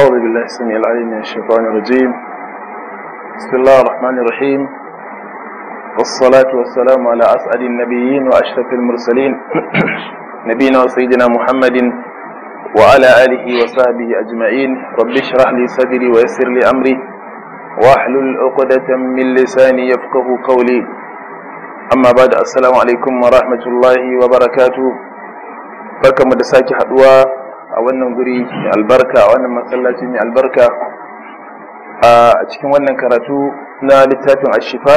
أعوذ بالله السميع العليم من الشيطان الرجيم بسم الله الرحمن الرحيم والصلاة والسلام على أسعد النبيين وأشرف المرسلين نبينا وسيدنا محمد وعلى آله وصحبه أجمعين رب اشرح لي صدري ويسر لي أمري واحلل عقدة من لساني يفقه قولي أما بعد السلام عليكم ورحمة الله وبركاته بركة مدساكي حدوى a wannan guri albarka a wannan masallaci mai albarka a cikin wannan karatu na littafin ashifa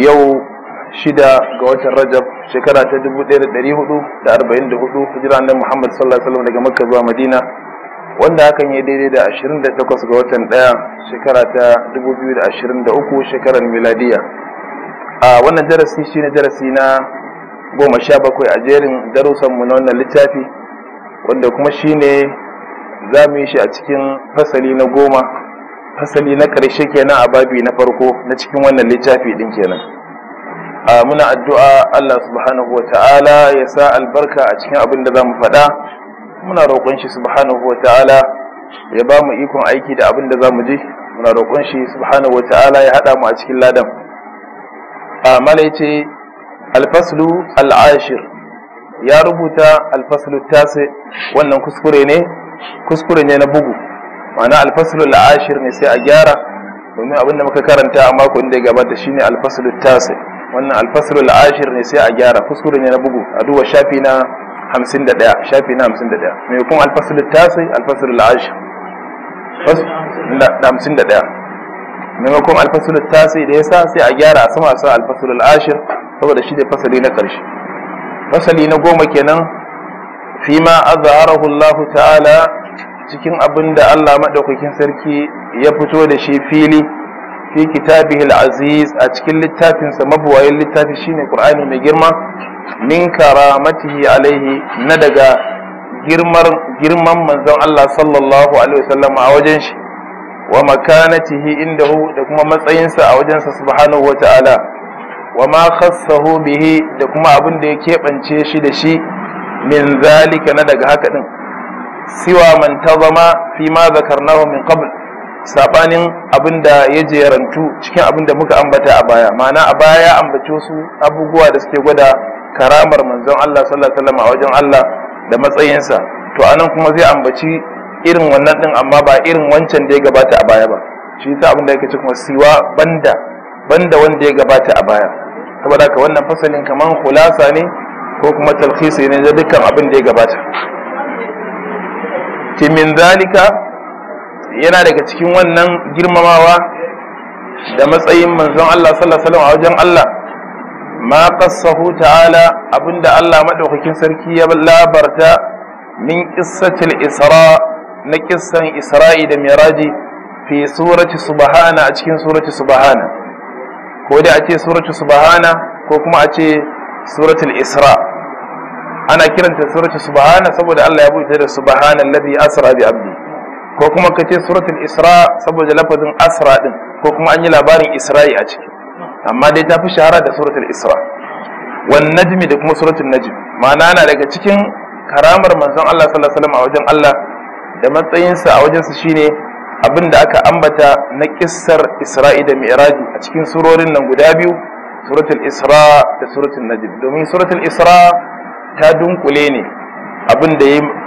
yau shida ga watan rajab shekara ta 1444 hijira na muhammad sallallahu alaihi daga makka zuwa madina wanda hakan ya daidai da 28 ga watan daya shekara ta 2023 shekarar miladiya a wannan darasi shine darasi na goma sha bakwai a jerin darussanmu na wannan littafi wanda kuma shi ne za mu yi shi a cikin fasali na goma fasali na ƙarshe kenan a babi na farko na cikin wannan littafi ɗin kenan a muna addu'a Allah subhanahu wa ta'ala ya sa albarka a cikin abin da za mu faɗa muna roƙon shi subhanahu wa ta'ala ya ba mu ikon aiki da abin da za mu ji muna roƙon shi subhanahu wa ta'ala ya haɗa mu a cikin ladan a malaice alfaslu al'ashir ya rubuta alfasul tasi wannan kuskure ne kuskure ne na bugu ma'ana alfasul ashir ne sai a gyara domin abin da muka karanta a mako inda ya gabata shine alfasul tasi wannan alfasul ashir ne sai a gyara kuskure ne na bugu a duba shafi na 51 shafi na 51 mai kuma alfasul tasi alfasul ashir da 51 maimakon alfasul tasi da yasa sai a gyara a sama sa alfasul ashir saboda shi ne fasali na karshe fasali na goma kenan fima azharahu Allah ta'ala cikin abinda Allah madaukakin sarki ya fito da shi fili fi kitabihil aziz a cikin littafinsa mabuwayin littafi shine Qur'ani mai girma min karamatihi alaihi na daga girmar girman manzon Allah sallallahu alaihi wasallam a wajen shi wa makanatihi indahu da kuma matsayinsa a wajensa subhanahu wata'ala wa ma khassahu bihi da kuma abin da ya keɓance shi da shi min zalika na daga haka din siwa man tazama fi ma zakarnahu min qabl sabanin abin da ya jerantu cikin abin da muka ambata a baya ma'ana a baya ya ambace su abubuwa da suke gwada karamar manzon Allah sallallahu alaihi wasallam a wajen Allah da matsayinsa to anan kuma zai ambaci irin wannan din amma ba irin wancan da ya gabata a baya ba shi yasa abin da yake ci kuma siwa banda banda wanda ya gabata a baya saboda ka wannan fasalin kamar khulasa ne ko kuma talkhisi ne da dukkan abin da ya gabata timin zalika yana daga cikin wannan girmamawa da matsayin manzon Allah sallallahu alaihi a wajen Allah ma qassahu ta'ala abinda Allah madaukakin sarki ya labarta min qissatil isra na kissan isra'i da miraji fi surati subhana a cikin surati subhana ko dai a ce suratu subhana ko kuma a ce suratul isra ana kiranta suratu subhana saboda Allah ya buɗe da subhana alladhi asra bi abdi ko kuma ka ce suratul isra saboda lafazin asra din ko kuma an yi labarin isra'i a ciki amma dai ta fi shahara da suratul isra wan najmi da kuma suratul najm ma'ana na daga cikin karamar manzon Allah sallallahu alaihi wasallam a wajen Allah da matsayinsa a wajensa shine abin da aka ambata na kissar isra'i da mi'raji a cikin surorin nan guda biyu suratul isra da suratul najm domin suratul isra ta dunkule ne abin da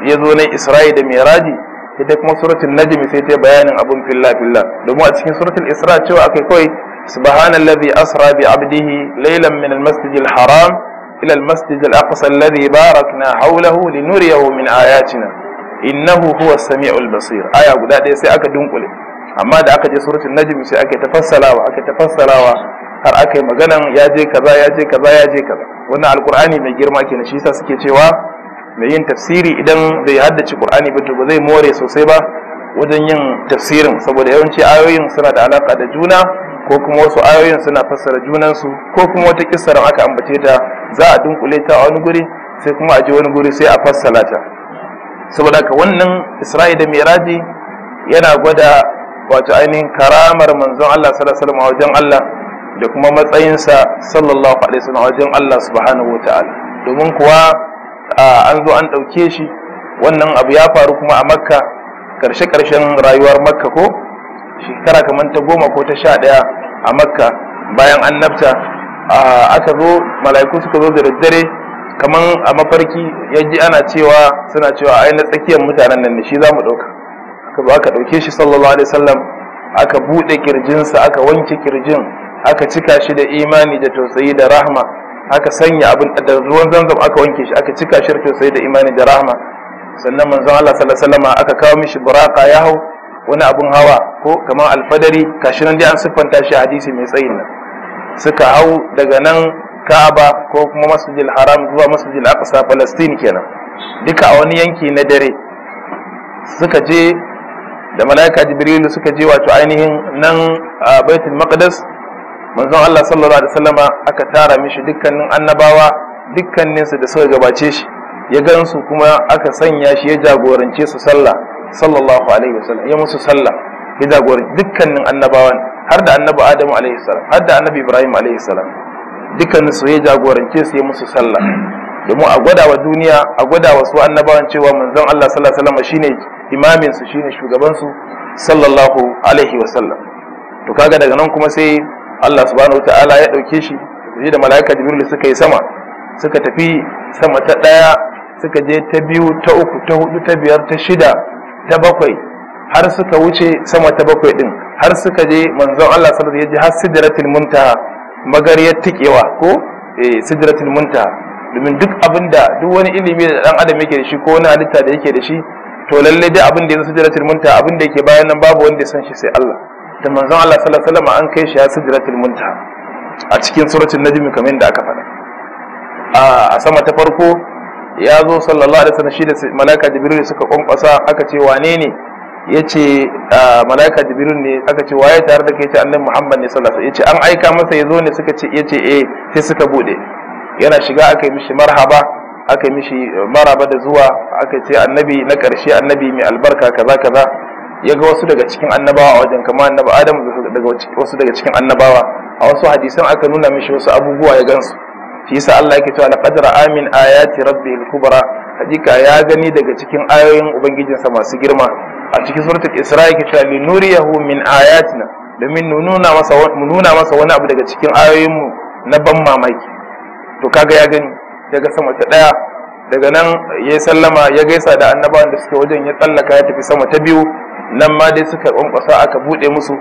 ya zo na isra'i da mi'raji ita kuma suratul najm sai ta bayanin abin filla filla domin a cikin suratul isra cewa akai kawai subhanallazi asra bi abdihi laylan min almasjidil haram ila almasjidil aqsa alladhi barakna hawlahu linuriyahu min ayatina innahu huwa sami'ul basir aya guda ɗaya sai aka dunkule amma da aka je suratul najm sai aka tafassalawa aka tafassalawa har aka yi maganan ya je kaza ya je kaza ya je kaza wannan alqur'ani mai girma kenan shi yasa suke cewa mai yin tafsiri idan bai haddace qur'ani ba to ba zai more sosai ba wajen yin tafsirin saboda yawanci ayoyin suna da alaka da juna ko kuma wasu ayoyin suna fassara junansu ko kuma wata kissar aka ambace ta za a dunkule ta a wani guri sai kuma a je wani guri sai a fassala ta saboda ka wannan isra'i da miraji yana gwada wato ainihin karamar manzon Allah sallallahu alaihi a wajen Allah da kuma matsayinsa sallallahu alaihi wasallam wajen Allah subhanahu wataala domin kuwa an zo an ɗauke shi wannan abu ya faru kuma a makka karshe karshen rayuwar makka ko shekara kamar ta goma ko ta sha ɗaya a makka bayan annabta aka zo mala'iku suka zo da daddare kaman a mafarki ya ji ana cewa suna cewa ai na tsakiyar mutanen nan ne shi za mu ɗauka aka zo aka ɗauke shi sallallahu alaihi wasallam aka buɗe kirjinsa aka wanke kirjin aka cika shi da imani da tausayi da rahma aka sanya abin da ruwan zanzam aka wanke shi aka cika shi da tausayi da imani da rahma sannan manzon Allah sallallahu alaihi wasallam aka kawo mishi buraka ya hau wani abun hawa ko kamar alfadari kashi nan dai an siffanta shi hadisi mai tsayin nan suka hau daga nan Kaaba ko kuma Masjidil Haram zuwa Masjidil Aqsa Palestine kenan duka a wani yanki na dare suka je da malaika Jibrilu suka je wato ainihin nan a Baitul Maqdis manzon Allah sallallahu alaihi wasallama aka tara mishi dukkanin annabawa dukkaninsu da suka gabace shi ya gansu kuma aka sanya shi ya jagorance su sallah sallallahu alaihi wasallam ya musu sallah ya jagoranci dukkanin annabawan har da annabi Adamu alaihi salam har da annabi Ibrahim alaihi salam dukkanin su ya jagorance su yi musu sallah domin a gwada wa duniya a gwada wa su annabawan cewa manzon Allah sallallahu alaihi wasallam shine imamin su shine shugaban su sallallahu alaihi wasallam to kaga daga nan kuma sai Allah subhanahu wataala ya dauke shi shi da malaika jibril suka yi sama suka tafi sama ta daya suka je ta biyu ta uku ta hudu ta biyar ta shida ta bakwai har suka wuce sama ta bakwai din har suka je manzon Allah sallallahu alaihi wasallam ya ji har sidratul muntaha magariyar tikewa ko eh, sidratul muntaha domin duk abin da duk wani ilimi da dan adam yake da shi ko wani halitta da yake da shi to lalle dai abin da ya sidratul muntaha abin da yake bayan nan babu wanda ya san shi sai Allah da manzon Allah sallallahu alaihi wasallam an kai shi ya sidratul muntaha a cikin suratul najm kamar yadda aka faɗa a sama ta farko ya zo sallallahu alaihi wasallam shi da malaka jibril suka kwankwasa aka ce wane ne ya ce ah, mala'ika jibril ne aka ce waye tare da kai ce annabi muhammad ne sallallahu alaihi wasallam ya ce an aika masa ya zo ne suka ce ya ce eh sai suka bude yana shiga aka yi mishi marhaba aka mishi maraba da zuwa aka ce annabi na karshe annabi mai albarka kaza kaza yaga ga wasu daga cikin annabawa a wajen kamar annabi adam daga wasu daga cikin annabawa a wasu hadisan aka nuna mishi wasu abubuwa ya gansu fi sa Allah yake cewa laqad ra'a min ayati rabbil kubra hakika ya gani daga cikin ayoyin ubangijinsa masu girma a cikin suratul isra ke cewa li nuriyahu min ayatina domin mu nuna masa mu nuna masa wani abu daga cikin ayoyinmu na ban mamaki to kaga ya gani daga sama ta daya daga nan ya sallama ya gaisa da annabawan da suke wajen ya tsallaka ya tafi sama ta biyu nan ma dai suka kwankwasa aka bude musu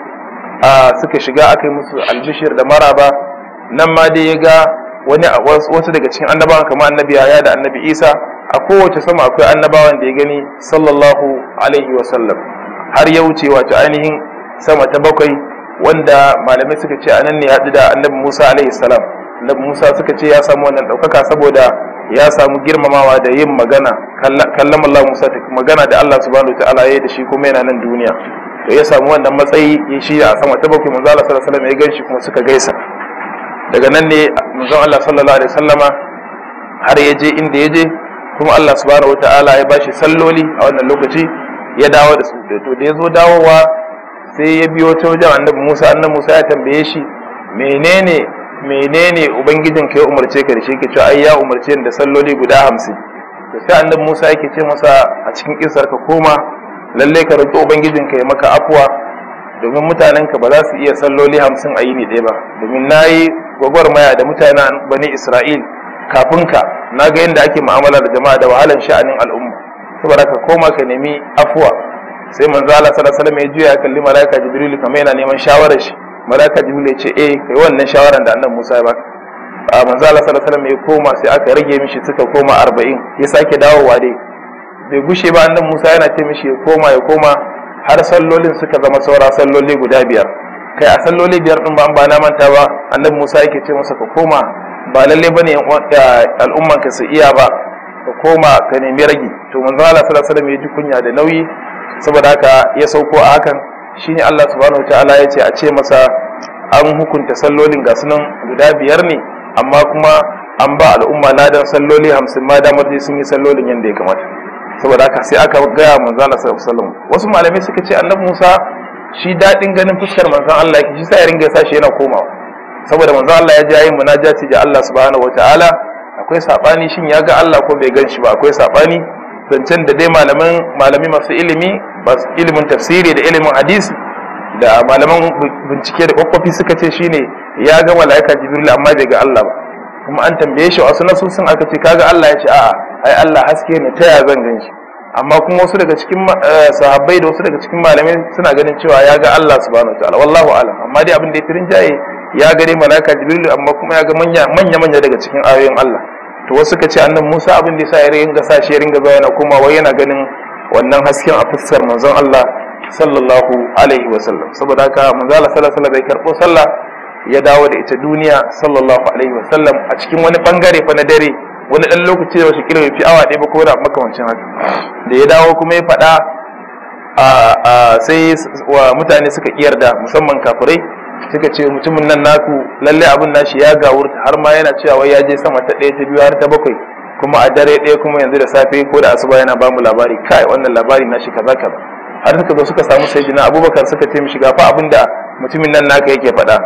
a suka shiga aka yi musu albishir da maraba nan ma dai ya ga wani wasu daga cikin annabawan kamar annabi yaya da annabi isa a kowace sama akwai annabawan da ya gani sallallahu alaihi wasallam har ya wuce wato ainihin sama ta bakwai wanda malamai suka ce anan ne haɗu da annabi musa alaihi salam annabi musa suka ce ya samu wannan ɗaukaka saboda ya samu girmamawa da yin magana kallon allah musa ta magana da allah subhanahu wa ta'ala ya da shi kuma yana nan duniya to ya samu wannan matsayi ya shi a sama ta bakwai manzo allah sallallahu alaihi wasallam ya ganshi kuma suka gaisa daga nan ne manzo allah sallallahu alaihi wasallama har ya je inda ya je kuma Allah subhanahu ta'ala ya bashi salloli a wannan lokaci ya dawo da su to da ya zo dawowa sai ya biyo ta wajen annabi Musa annabi Musa ya tambaye shi menene menene ubangijin ka ya umarce ka da shi ke cewa ai ya umarce da salloli guda hamsin to sai annabi Musa yake ce masa a cikin kisar ka koma lalle ka roki ubangijin ka ya maka afuwa domin mutanen ka ba za su iya salloli hamsin a yini ɗaya ba domin nayi maya da mutanen bani Isra'il kafin ka na ga yadda ake mu'amala da jama'a da wahalar sha'anin al'umma saboda ka koma ka nemi afuwa sai manzo Allah sallallahu alaihi wasallam ya juya kalli malaika jibril kamar yana neman shawarar shi malaika jibril ya ce eh kai wannan shawaran da annabi Musa ya baka a manzo Allah sallallahu alaihi wasallam koma sai aka rage mishi suka koma arba'in. ya sake dawowa dai bai gushe ba annabi Musa yana ce mishi ya koma ya koma har sallolin suka zama saura salloli guda biyar kai a salloli biyar din ba an ba na manta ba annabi Musa yake ce masa ka koma ba lalle bane al'umman ka su iya ba ka koma ka nemi ragi to manzo Allah sallallahu alaihi wasallam ya ji kunya da nauyi saboda haka ya sauko a hakan shine Allah subhanahu wataala ya ce a ce masa an hukunta sallolin ga sunan guda biyar ne amma kuma an ba al'umma ladan salloli hamsin ma damar sun yi sallolin yadda ya kamata saboda haka sai aka gaya manzo Allah sallallahu alaihi wasallam wasu malamai suka ce annabi Musa shi daɗin ganin fuskar manzon Allah ki shi sa ya ringa sashi yana komawa saboda manzo Allah ya ji yayin munajati da Allah subhanahu wataala akwai sabani shin ya ga Allah ko bai gan shi ba akwai sabani zancen da dai malaman malami masu ilimi masu ilimin tafsiri da ilimin hadisi da malaman bincike da kokofi suka ce shine ya ga malaika jibril amma bai ga Allah ba kuma an tambaye shi wasu nasu sun aka ce kaga Allah ya ce a'a ai Allah haske ne ta ya zan gan shi amma kuma wasu daga cikin eh, sahabbai da wasu daga cikin malamai suna ganin cewa ya ga Allah subhanahu wataala wallahu alam amma dai abin da ya firin jaye ya gare malaka jibrilu amma kuma ya ga manya manya daga cikin ayoyin Allah to wasu ka ce annan Musa abin da yasa ya ringa sa shi ya ringa zuwa yana wai yana ganin wannan hasken a fuskar manzon Allah sallallahu alaihi wa sallam saboda haka manzon Allah sallallahu alaihi bai karbo sallah ya dawo da ita duniya sallallahu alaihi wa sallam a cikin wani bangare fa na dare wani dan lokaci da wasu kira bai fi awa ɗaya ba ko da makamancin haka da ya dawo kuma ya faɗa sai wa mutane suka kiyarda musamman kafirai suka ce mutumin nan naku lalle abin nashi ya gawurta har ma yana cewa wai ya je sama ta ɗaya ta biyu har ta bakwai kuma a dare ɗaya kuma yanzu da safe ko da asuba yana bamu labari kai wannan labari nashi kaza kaza har suka zo suka samu sayyidina abubakar suka ce mishi gafa abin da mutumin nan naka yake faɗa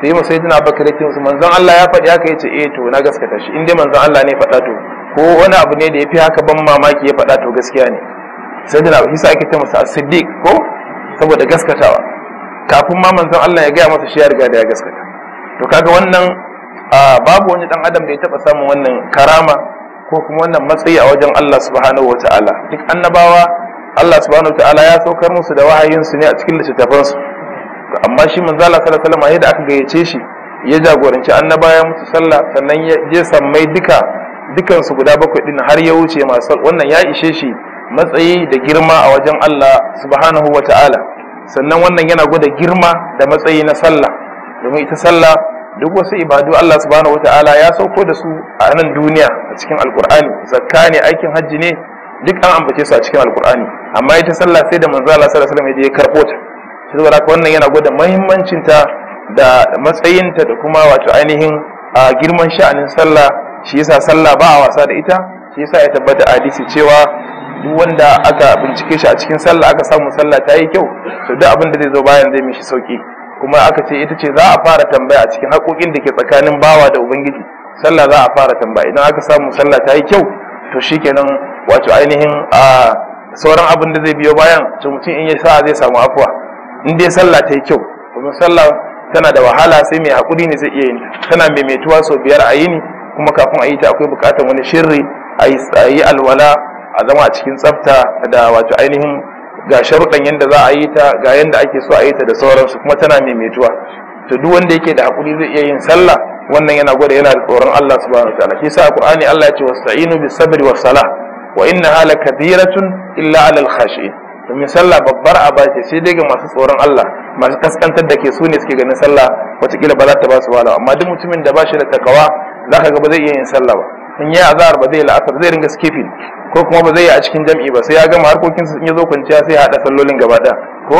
sai yi sayyidina abubakar yake musu manzon Allah ya faɗi haka yace eh to na gaskata shi in dai manzon Allah ne faɗa to ko wani abu ne da ya fi haka ban mamaki ya faɗa to gaskiya ne sayyidina isa ake ta masa as-siddiq ko saboda gaskatawa kafin ma manzon Allah ya gaya masa shi ya riga da ya gaskata to kaga wannan babu wani dan adam da ya taba samun wannan karama ko kuma wannan matsayi a wajen Allah subhanahu wataala duk annabawa Allah subhanahu wataala ya saukar musu da wahayin su ne a cikin littattafan su amma shi manzo Allah sallallahu alaihi wasallam yadda aka gayyace shi ya jagoranci annabawa ya mutu sallah sannan ya je sammai duka dukan su guda bakwai din har ya wuce masu wannan ya ishe shi matsayi da girma a wajen Allah subhanahu wataala sannan wannan yana gwada girma da matsayi na sallah domin ita sallah duk wasu ibadu Allah subhanahu wataala ya sauko da su a nan duniya a cikin alkur'ani zakka ne aikin hajji ne duk an ambace su a cikin alkur'ani amma ita sallah sai da manzo Allah sallallahu alaihi wasallam ya karbo ta shi saboda wannan yana gwada muhimmancin ta da matsayinta da kuma wato ainihin girman sha'anin sallah shi yasa sallah ba a wasa da ita shi yasa ya tabbata a hadisi cewa duk wanda aka bincike shi a cikin sallah aka samu sallah ta yi kyau to duk abin da zai zo bayan zai mishi sauki kuma aka ce ita ce za a fara tambaya a cikin haƙoƙin da ke tsakanin bawa da ubangiji sallah za a fara tambaya idan aka samu sallah ta yi kyau to shikenan wato ainihin a sauran abin da zai biyo bayan to mutum in ya sa zai samu afuwa in dai sallah ta yi kyau domin sallah tana da wahala sai mai haƙuri ne zai iya yin tana mai metuwa sau biyar a yi yini kuma kafin a yi ta akwai buƙatar wani shirri a yi alwala a zama a cikin tsafta da wato ainihin ga sharuɗan yadda za a yi ta ga yadda ake so a yi ta da sauransu kuma tana maimaituwa to duk wanda yake da hakuri zai iya yin sallah wannan yana gwada yana da tsoron Allah subhanahu ta'ala shi yasa Qur'ani Allah ya ce wasta'inu bis sabri was salah wa hala kabiratun illa 'alal khashi'in domin sallah babbar aba ce sai dai ga masu tsoron Allah masu kaskantar da ke su ne suke ganin sallah watakila ba za ta ba su wala amma duk mutumin da ba shi da takawa za ka ga ba zai iya yin sallah ba in yi azhar ba zai la'asar zai ringa skipping ko kuma ba zai yi a cikin jam'i ba sai ya gama harkokinsa in ya zo kwanciya sai ya haɗa sallolin gaba ɗaya ko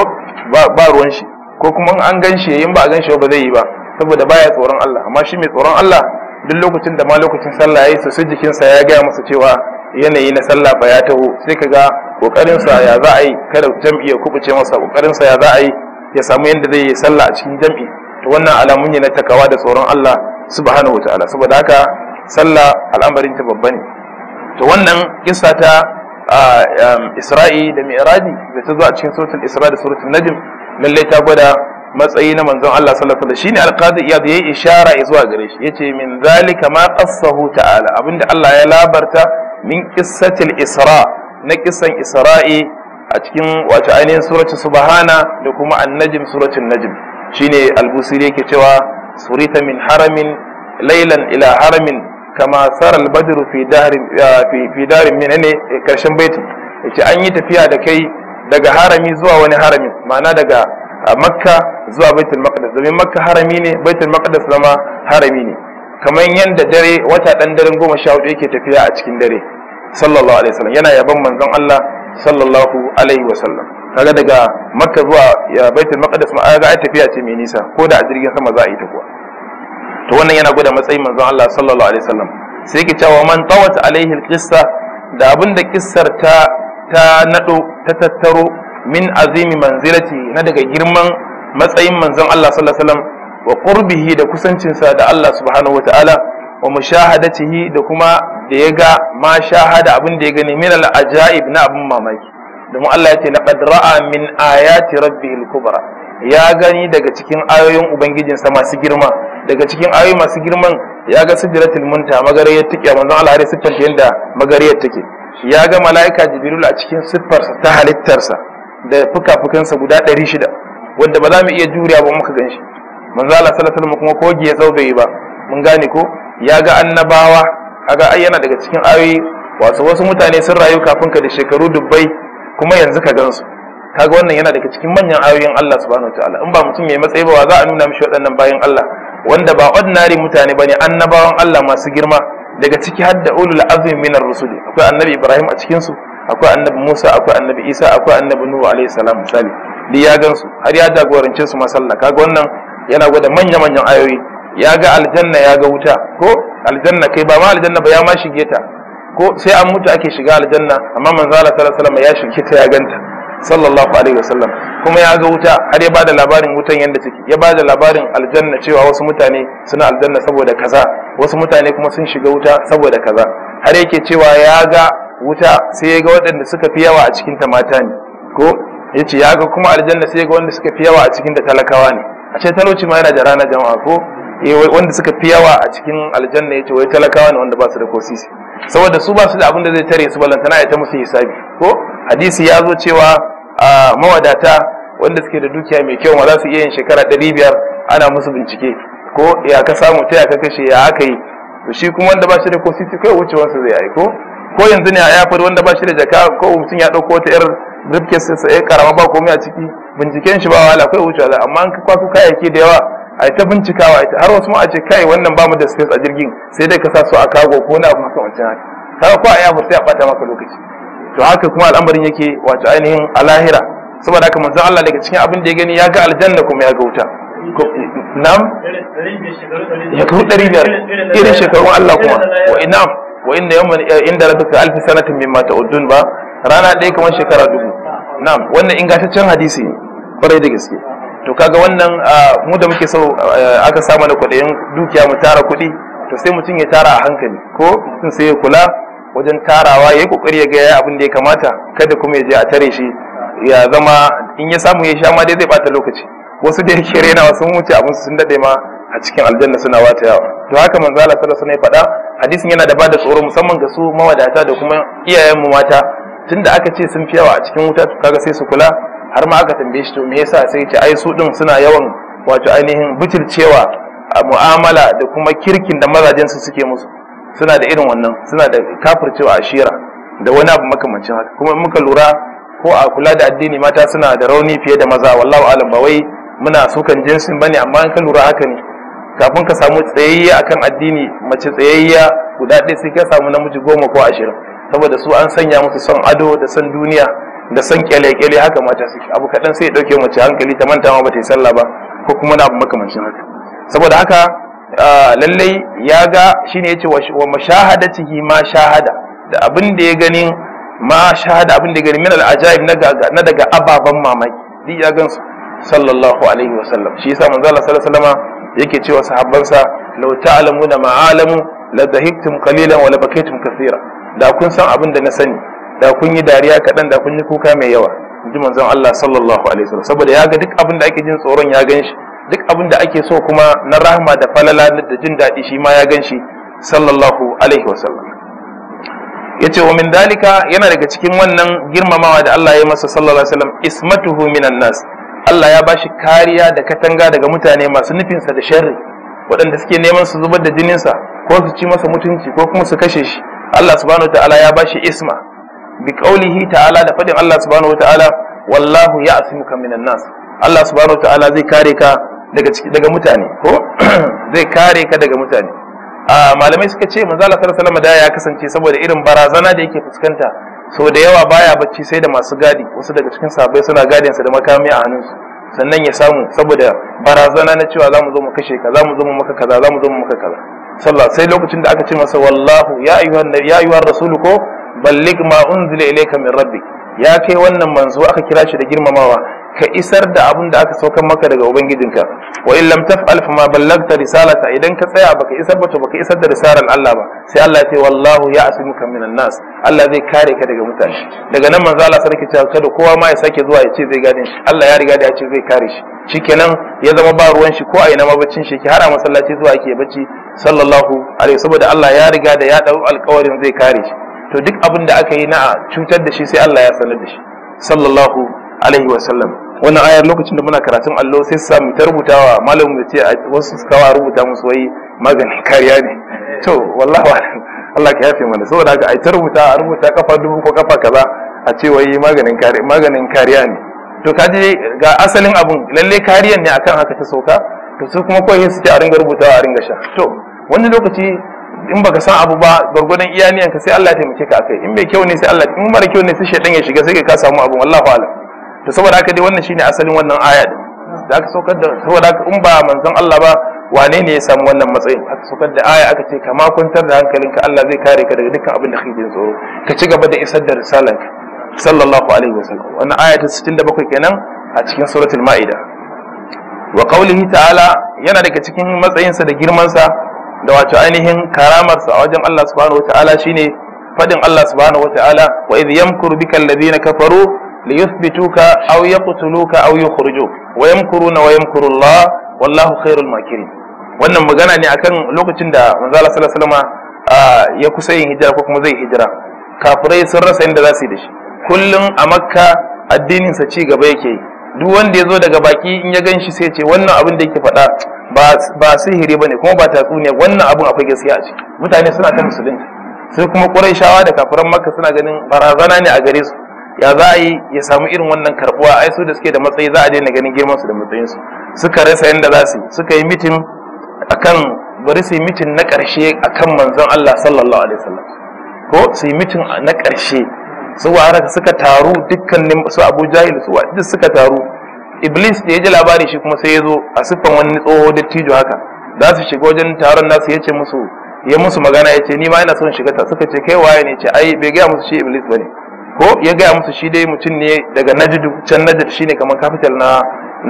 ba ruwan shi ko kuma in an gan shi in ba a gan shi ba zai yi ba saboda baya tsoron Allah amma shi mai tsoron Allah duk lokacin da ma lokacin sallah yayi su jikinsa ya gaya masa cewa yanayi na sallah ba ya taho sai kaga kokarin sa ya za a yi kada jam'i ya kubuce masa kokarin sa ya za a yi ya samu yanda zai yi sallah a cikin jam'i to wannan alamun ne na takawa da tsoron Allah subhanahu wataala saboda haka sallah al'amarin ta babba ne to wannan kissa ta um, Isra'i da Mi'raji da ta zo a cikin suratul Isra da suratul Najm lallai ta gwada matsayi na manzon Allah sallallahu alaihi wasallam shine alqadi iyad yayi ishara zuwa gare shi yace min zalika ma qassahu ta'ala abinda Allah ya labarta min qissatil Isra na kissan Isra'i a cikin wato ainihin suratul Subhana da kuma An-Najm suratul Najm shine al-Busiri yake cewa surita min haramin laylan ila haramin kama sar al-badru fi darin fi darin eh, karshen baiti yace an yi tafiya da kai daga harami zuwa wani harami ma'ana daga makka zuwa baitul maqdis domin makka harami ne baitul maqdis zama harami ne kamar yadda dare wata dan daren goma sha hudu yake tafiya a cikin dare sallallahu alaihi wasallam yana yaban manzon Allah sallallahu alaihi wasallam kaga daga makka zuwa baitul maqdis ma ga tafiya ce mai nisa ko da a jirgin sama za a yi tafiya kuwa to wannan yana gwada matsayin manzon Allah sallallahu alaihi wasallam sai yake cewa man tawata alaihi alqissa da abinda da kissar ta ta nado ta tattaro min azimi manzilati na daga girman matsayin manzon Allah sallallahu alaihi wasallam wa qurbihi da kusancinsa da Allah subhanahu wataala wa mushahadatihi da kuma da yaga ga ma shahada abin da ya gani min al ajaib na abin mamaki domin Allah ya ce laqad ra'a min ayati rabbihil kubra ya gani daga cikin ayoyin ubangijinsa masu girma daga cikin ayoyi masu girman ya ga sidratul munta magariyar take manzon Allah ya siffanta yanda magariyar take ya ga mala'ika jibril a cikin siffarsa ta halittarsa da fuka-fukansa guda 600 wanda ba za mu iya juriya ba muka ganshi manzon Allah sallallahu alaihi wasallam kuma kogi ya tsau bai ba mun gane ko ya ga annabawa kaga ai yana daga cikin ayoyi wasu wasu mutane sun rayu kafin ka da shekaru dubbai kuma yanzu ka gansu kaga wannan yana daga cikin manyan ayoyin Allah subhanahu wataala in ba mutum mai matsayi ba za a nuna mishi waɗannan bayan Allah wanda ba ordinary mutane bane annabawan Allah masu girma daga ciki hadda, da ulul azmi minar rusuli akwai annabi Ibrahim a cikin su akwai annabi Musa akwai annabi Isa akwai annabi Nuhu alaihi salam misali li ya gansu har ya jagorance su masalla kaga wannan yana gwada manya manyan ayoyi ya ga aljanna ya ga wuta ko aljanna kai ba ma aljanna ba ya ma shige ta ko sai an mutu ake shiga aljanna amma manzo Allah sallallahu alaihi wasallam ya shige ta ya ganta sallallahu alaihi wasallam kuma ya ga wuta har ya ba da labarin wutan yadda take ya ba da labarin aljanna cewa wasu mutane suna aljanna saboda kaza wasu mutane kuma sun shiga wuta saboda kaza har yake cewa ya ga wuta sai ya ga waɗanda suka fi yawa a cikin ta mata ne ko ya ce ya ga kuma aljanna sai ya ga wanda suka fi yawa a cikin da talakawa ne a ce talauci ma yana da rana jama'a ko eh wanda suka fi yawa a cikin aljanna ya ce wai talakawa ne wanda ba su da kosisi saboda su ba su da abin da zai tare su balantana ya ta musu hisabi ko hadisi ya zo cewa mawadata wanda suke da dukiya mai kyau ma za su iya yin shekara ɗari biyar ana musu bincike ko ya ka samu ta ya ka kashe ya aka yi to shi kuma wanda ba shi da ko siti kai wucewarsa zai yi ko ko yanzu ne a ya faɗi wanda ba shi da jaka ko mutum ya ɗauko wata yar briefcase sai ya eh, karama ba komai a ciki binciken shi ba wahala kai wucewa za amma an ka kwaso kayayyaki da yawa a ta bincikawa a har wasu ma a ce kai wannan ba mu da space a jirgin sai dai ka sa su a kago ko na abu makamancin haka kaga ko a ya sai a ɓata maka lokaci to haka kuma al'amarin yake wato ainihin a lahira saboda haka manzon Allah daga cikin abin da ya gani ya ga aljanna kuma ya ga wuta nam ya karu ɗari biyar irin shekarun Allah kuma wa inam wa inda yamma eh, inda rabbika alf sanatin mimma ta'udun ba rana ɗaya kamar shekara dubu nam wannan ingantaccen hadisi ne kwarai da gaske to kaga wannan ah, mu da muke so eh, aka samu na kuɗin dukiya mu tara kuɗi to sai mutum ya tara a hankali ko sai ya kula wajen tarawa ya yi kokari ya gaya abin da ya kamata kada kuma ya je a tare shi ya zama in ya samu ya sha ma dai zai bata lokaci wasu da yake rainawa wasu wuce abin sun dade ma a cikin aljanna suna wata yawa to haka manzo Allah sallallahu alaihi faɗa hadisin yana da bada tsoro musamman ga su mawadata da kuma iyayen mu mata tunda aka ce sun fi yawa a cikin wuta to kaga sai su kula har ma aka tambaye shi to me yasa sai ce ai su din suna yawan wato ainihin butulcewa a mu'amala da kuma kirkin da mazajen su suke musu suna da irin wannan suna da kafircewa ashira da wani abu makamancin haka kuma muka lura ko a kula da addini mata suna da rauni fiye da maza wallahu alam ba wai muna sukan jinsin bane amma in ka lura haka ne kafin ka samu tsayayya akan addini mace tsayayya guda ɗaya sai ka samu namiji goma ko ashirin saboda su an sanya musu son ado da son duniya da son kyale-kyale haka mata suke abu kaɗan sai ya ɗauke mace hankali ta manta ma ba ta yi sallah ba ko kuma na abu makamancin haka saboda haka lallai ya ga shi ne ya ce wa mashahadatihi ma shahada da abin da ya gani ma shahada abin da ya gani min al'ajayib na daga ababan mamaki duk ya gansu sallallahu alaihi wa sallam shi yasa manzo Allah sallallahu alaihi yake cewa sahabbansa law ta'lamuna ma alamu la dhahiktum qalilan wa la bakaytum da kun san abin da na sani da kun yi dariya kaɗan da kun yi kuka mai yawa ji manzon Allah sallallahu alaihi wasallam saboda ya ga duk abin da ake jin tsoron ya gan shi duk abin da ake so kuma na rahma da falala da jin daɗi shi ma ya gan shi sallallahu alaihi wasallam ya ce wa min dalika yana daga cikin wannan girmamawa da Allah ya masa sallallahu alaihi wasallam ismatuhu minan nas Allah ya bashi kariya da katanga daga mutane masu nufinsa da sharri waɗanda suke neman su zubar da jininsa ko su ci masa mutunci ko kuma su kashe shi Allah subhanahu Ta'ala ya bashi isma bi qaulihi ta'ala da fadin Allah subhanahu Ta'ala wallahu ya'simuka minan nas Allah subhanahu Ta'ala zai kare ka daga mutane ko zai kare ka daga mutane malamai suka ce manzo Allah sallallahu alaihi wasallam da ya kasance saboda irin barazana da yake fuskanta so da yawa baya bacci sai da masu gadi wasu daga cikin sahabbai suna gadin sa da makami a hannunsu sannan ya samu saboda barazana na cewa zamu zo mu kashe ka zamu zo mu maka kaza zamu zo mu maka kaza sallah sai lokacin da aka ce masa wallahu ya ayyuhan ya ayyuhan rasulu ko balligh ma unzila ilayka min rabbik ya kai wannan manzo aka kira shi da girmamawa ka isar da abin da aka saukar maka daga ubangijinka wa in lam taf'al fa ma ballagta risalata idan ka tsaya baka isar ba to baka isar da risalar Allah ba sai Allah ya ce wallahu ya'simuka minan nas Allah zai kare ka daga mutane daga nan manzo Allah sarki ce kada kowa ma ya sake zuwa ya ce zai gane shi Allah ya riga da ya ce zai kare shi shikenan ya zama ba ruwan shi ko a ina ma baccin shi ki har a masallaci zuwa yake bacci sallallahu alaihi saboda Allah ya riga da ya dau alƙawarin zai kare shi to duk abin da aka yi na cutar da shi sai Allah ya sanar da shi sallallahu alaihi wa sallam wannan ayar lokacin da muna karatun allo sai su samu ta rubutawa malamin da ce wasu su kawo a rubuta musu wai maganin kariya ne to wallahi Allah ka yafe mana saboda haka ai ta rubuta a rubuta kafa dubu ko kafa kaza a ce wai maganin kariya maganin kariya ne to kaje ga asalin abun lalle kariyan ne akan haka ta sauka to su kuma kawai su ce a ringa rubutawa a ringa sha to wani lokaci in baka san abu ba gwargwadon iyaniyanka sai Allah ya taimake ka akai in bai kyau ne sai Allah in mara kyau ne sai shedan ya shiga sai ka samu abun wallahu a'lam to saboda haka dai wannan shine asalin wannan aya da aka saukar da saboda haka in ba manzon Allah ba wane ne ya samu wannan matsayin aka saukar da aya aka ce kama kwantar da hankalinka Allah zai kare ka daga dukkan abin da kake jin tsoro ka ci gaba da isar da risalar sallallahu alaihi wasallam wannan aya ta 67 kenan a cikin suratul maida wa qaulihi ta'ala yana daga cikin matsayinsa da girmansa da wato ainihin karamarsa a wajen Allah subhanahu wataala shine fadin Allah subhanahu wataala wa idh yamkuru bika alladhina kafaru li yuthbituka aw yaqtuluka aw yukhrijuk wa yamkuruna wa wallahu khairul makirin wannan magana ne akan lokacin da manzo Allah sallallahu alaihi wasallam ya kusa yin hijira ko kuma zai hijira kafirai sun rasa inda za su yi da shi kullum a makka addinin sa ci gaba yake duk wanda ya zo daga baki in ya gan shi sai ce wannan abin da yake faɗa ba sihiri bane kuma ba tatsuniya wannan abin akwai gaskiya a ciki mutane suna ta musulunci sai kuma shawa da kafiran makka suna ganin barazana ne a gare su ya za a yi ya samu irin wannan karbuwa ai su da suke da matsayi za a daina ganin girman su da matsayin su suka rasa yanda za su suka yi mitin akan bari su yi mitin na karshe akan manzon Allah sallallahu alaihi wasallam ko su yi mitin na karshe su waraka suka taru dukkanin su Abu Jahil su duk suka taru Iblis da ya ji labari shi kuma sai ya zo a siffan wani tsoho dattijo haka za su shiga wajen taron nasu ya ce musu ya musu magana ya ce ni ma ina son shiga ta suka ce kai waye ne ce ai bai gaya musu shi Iblis bane ko ya gaya musu shi dai mutum ne daga najidu can shi shine kamar capital na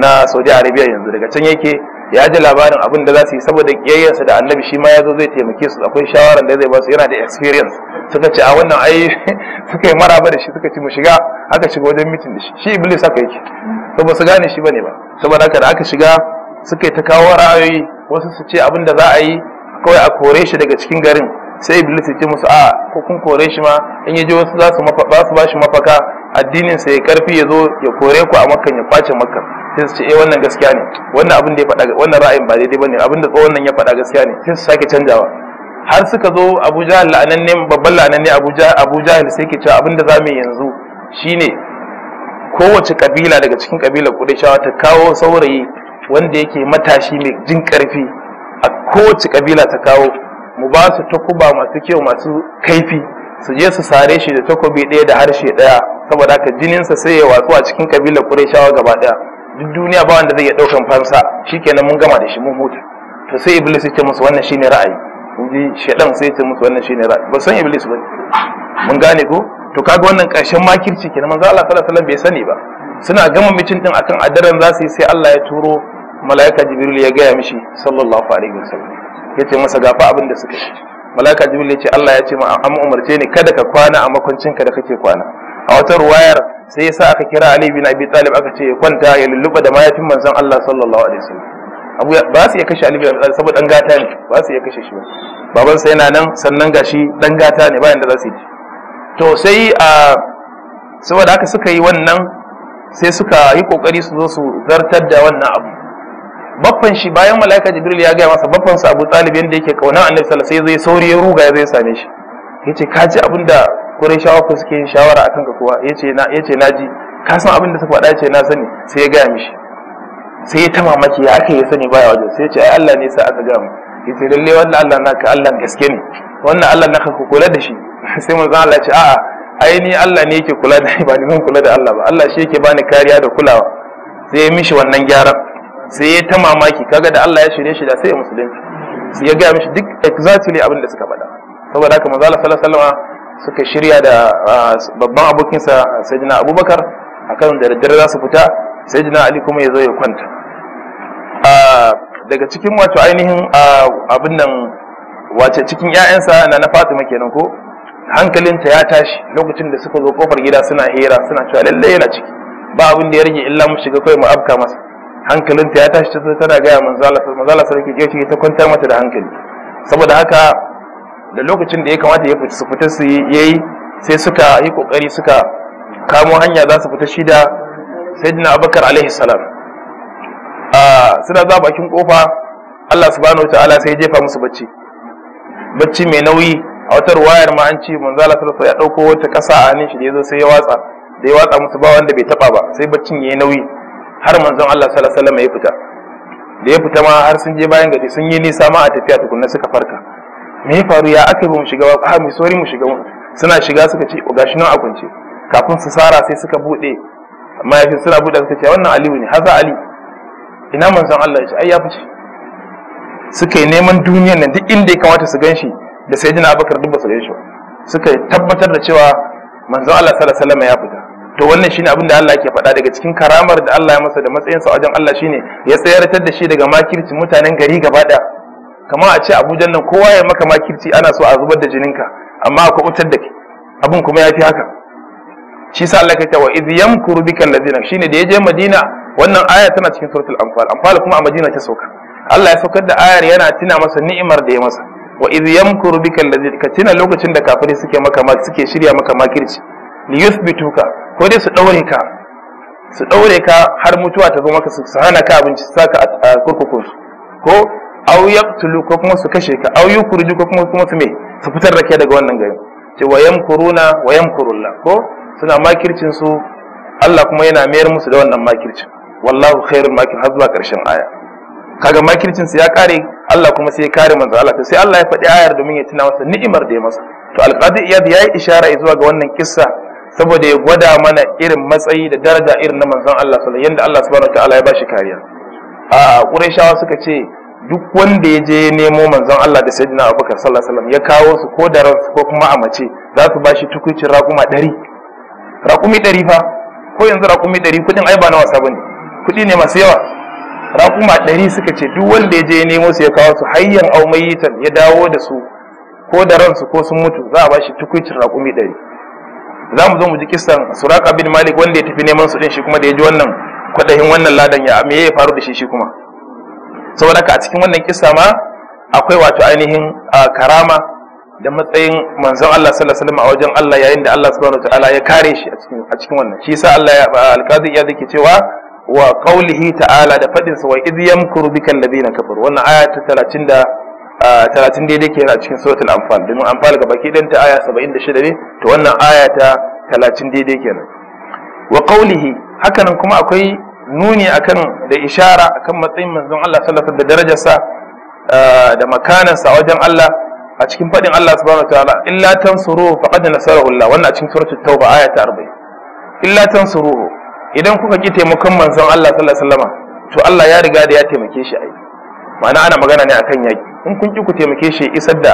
na Saudi Arabia yanzu daga can yake ya ji labarin abin da za su yi saboda kiyayyarsa da annabi shi ma ya zo zai taimake su akwai shawaran da zai ba su yana da experience suka ce a wannan ai suka yi maraba da shi suka ce mu shiga aka shiga wajen mitin da shi shi iblis aka yake to ba su gane shi bane ba saboda haka da aka shiga suka yi ta kawo ra'ayoyi wasu su ce abin da za a yi kawai a kore shi daga cikin garin sai iblis ya ce musu a ko kun kore shi ma in yaje wasu za su su bashi mafaka addinin sa ya karfi ya zo ya kore ku a makkan ya kwace makkan sai su ce eh wannan gaskiya ne wannan abin da ya faɗa wannan ra'ayin ba daidai bane abin da tsohon nan ya faɗa gaskiya ne sai su sake canjawa har suka zo Abu la'anan la'ananne babban la'ananne Abu Jahal Abu sai ke cewa abin da zamu yanzu shine kowace kabila daga cikin kabilar Qurayshawa ta kawo saurayi wanda yake matashi mai jin karfi a kowace kabila ta kawo mu ba su takuba masu kyau masu kaifi su je su sare shi da takobi ɗaya da harshe ɗaya saboda haka jininsa sai ya watsu a cikin kabilar kureshawa gaba ɗaya duk duniya ba wanda zai iya ɗaukan fansa shikenan mun gama da shi mun huta to sai iblis ya ce musu wannan shine ra'ayi ji shedan sai ya ce musu wannan shine ra'ayi ba san iblis ba mun gane ko to kaga wannan ƙarshen makirci kenan manzo Allah sallallahu alaihi wasallam bai sani ba suna gama mitin din akan adaran za su yi sai Allah ya turo mala'ika jibril ya gaya mishi sallallahu alaihi wasallam ya ce masa gafa abin da suka yi malaka jibril ya ce Allah ya ce ma an umarce ni kada ka kwana a makwancinka da kake kwana a wata ruwayar sai yasa aka kira Ali bin Abi Talib aka ce ya kwanta ya lulluba da mayafin manzon Allah sallallahu alaihi wasallam Abu ba su iya kashe Ali bin Abi Talib saboda dan gata ne ba su iya kashe shi ba baban sa yana nan sannan gashi dan gata ne bayan da za su yi to sai a saboda haka suka yi wannan sai suka yi kokari su zo su zartar da wannan abu baffan shi bayan malaika jibril ya gaya masa baffan sa abu talib yanda yake kauna annabi sallallahu alaihi wasallam sai sauri ya ruga ya zai same shi yace ka ji abin da qurayshawa ko suke yin shawara akan ka kuwa yace na yace naji ka san abin da suka faɗa yace na sani sai ya gaya mishi sai ya ta maki ya aka yi sani baya wajen sai ya ce ai Allah ne sa aka gaya mu yace lalle wannan Allah naka Allah gaske ne wannan Allah naka ku kula da shi sai manzo Allah ya ce a'a ai ni Allah ne yake kula da ni ba ni zan kula da Allah ba Allah shi yake bani kariya da kulawa sai ya mishi wannan gyaran sai ya ta mamaki kaga da Allah ya shirye shi da sai ya musulunci sai ya gaya mishi duk exactly abin da suka faɗa saboda haka manzo Allah sallallahu alaihi wasallam suka shirya da babban abokinsa sayyidina Abubakar akan da daddare za su fita sayyidina Ali kuma ya zo ya kwanta daga cikin wato ainihin abin nan wace cikin ƴaƴansa na na Fatima kenan ko hankalinta ya tashi lokacin da suka zo kofar gida suna hira suna cewa lalle yana ciki ba abin da ya rage illa mu shiga kai mu afka masa hankalinta ya tashi ta tana gaya manzala manzala sarki je shi ta kwantar mata da hankali saboda haka da lokacin da ya kamata ya fita su fita su yayi sai suka yi kokari suka kamo hanya za su fita shi da sayyidina abubakar alaihi salam suna za bakin kofa Allah subhanahu wataala sai ya jefa musu bacci bacci mai nauyi a wata ruwayar ma an ce manzala sarki ya dauko wata kasa a hannun shi da yazo sai ya watsa da ya watsa musu ba wanda bai taba ba sai baccin yayi nauyi har manzon Allah sallallahu alaihi wasallam ya fita da ya fita ma har sun je bayan gari sun yi nisa ma a tafiya tukunna suka farka me ya faru ya aka bi mu shiga ba ha ah, mu sori mu shiga suna shiga suka ce gashi nan a kunce kafin su sara sai suka bude yafi suna bude suka ce wannan Aliyu ne haza Ali ina manzon Allah ya ce ai ya fice suka yi neman duniyar nan duk inda ya kamata su ganshi da sayyidina Abubakar duk ba su ganshi suka tabbatar da cewa manzon Allah sallallahu alaihi wasallam ya fita to wannan shine abin da Allah ke faɗa daga cikin karamar da Allah ya masa da matsayinsa wajen Allah shine ya tsayartar da shi daga makircin mutanen gari gaba ɗaya kamar a ce Abuja nan kowa ya maka makirci ana so a zubar da jininka amma akwai wutar da ke abin kuma ya fi haka shi sa Allah ce wa iz yamkuru bika alladhina shine da ya je Madina wannan aya tana cikin suratul anfal anfal kuma a Madina ta sauka Allah ya saukar da ayar yana tuna masa ni'imar da ya masa wa iz yamkuru bika alladhina ka tuna lokacin da kafiri suke maka suke shirya maka makirci li yuthbituka ko dai su ɗaure ka su ɗaure ka har mutuwa ta zo maka su hana ka abinci su saka a kurkuku ko au tulu ko kuma su kashe ka au yukhruju ko kuma kuma su me su fitar da ke daga wannan gari ce wa yamkuruna wa yamkurullah ko suna makircin su Allah kuma yana mayar musu da wannan makircin wallahu khairul makir har zuwa karshen aya kaga makircin su ya kare Allah kuma sai ya kare manzo Allah sai Allah ya faɗi ayar domin ya tuna masa ni'imar da ya masa to alqadi iyad yayi ishara zuwa ga wannan kissa saboda ya gwada mana irin matsayi da daraja irin na manzon Allah sallallahu alaihi yanda Allah subhanahu wataala ya bashi kariya a Qurayshawa suka ce duk wanda ya je nemo manzon Allah da sayyidina Abubakar sallallahu alaihi wasallam ya kawo su ko da ransu ko kuma a mace za su bashi tukuicin raƙuma ɗari raƙumi ɗari fa ko yanzu raƙumi ɗari kuɗin ai ba na wasa bane kuɗi ne masu yawa raƙuma ɗari suka ce duk wanda ya je nemo su ya kawo su hayyan aumayitan ya dawo da su ko da ransu ko sun mutu za a bashi tukuicin raƙumi ɗari za mu zo mu ji kisan suraka bin malik wanda ya tafi neman su din shi kuma da ya ji wannan kwadahin wannan ladan ya me ya faru da shi shi kuma saboda ka a cikin wannan kisa ma akwai wato ainihin karama da matsayin manzon Allah sallallahu alaihi wasallam a wajen Allah yayin da Allah subhanahu wataala ya kare shi a cikin a cikin wannan shi yasa Allah ya alkazi ya zake cewa wa qaulihi ta'ala da fadin sa wa idh yamkuru bika alladhina kafaru wannan aya ta 30 talatin daidai ke yana cikin suratul anfal domin anfal ga baki ɗanta aya saba'in da shida ne to wannan aya ta talatin daidai kenan wa qawlihi hakanan kuma akwai nuni akan da ishara akan matsayin manzon Allah sallallahu alaihi da darajarsa da makanansa wajen Allah a cikin faɗin Allah subhanahu wataala illa tansuru faqad nasarahu Allah wannan a cikin suratul tauba aya ta 40 illa tansuru idan kuka ki taimakon manzon Allah sallallahu alaihi to Allah ya riga da ya taimake shi ai ma'ana ana magana ne akan yaki in kun ki ku taimake shi isar da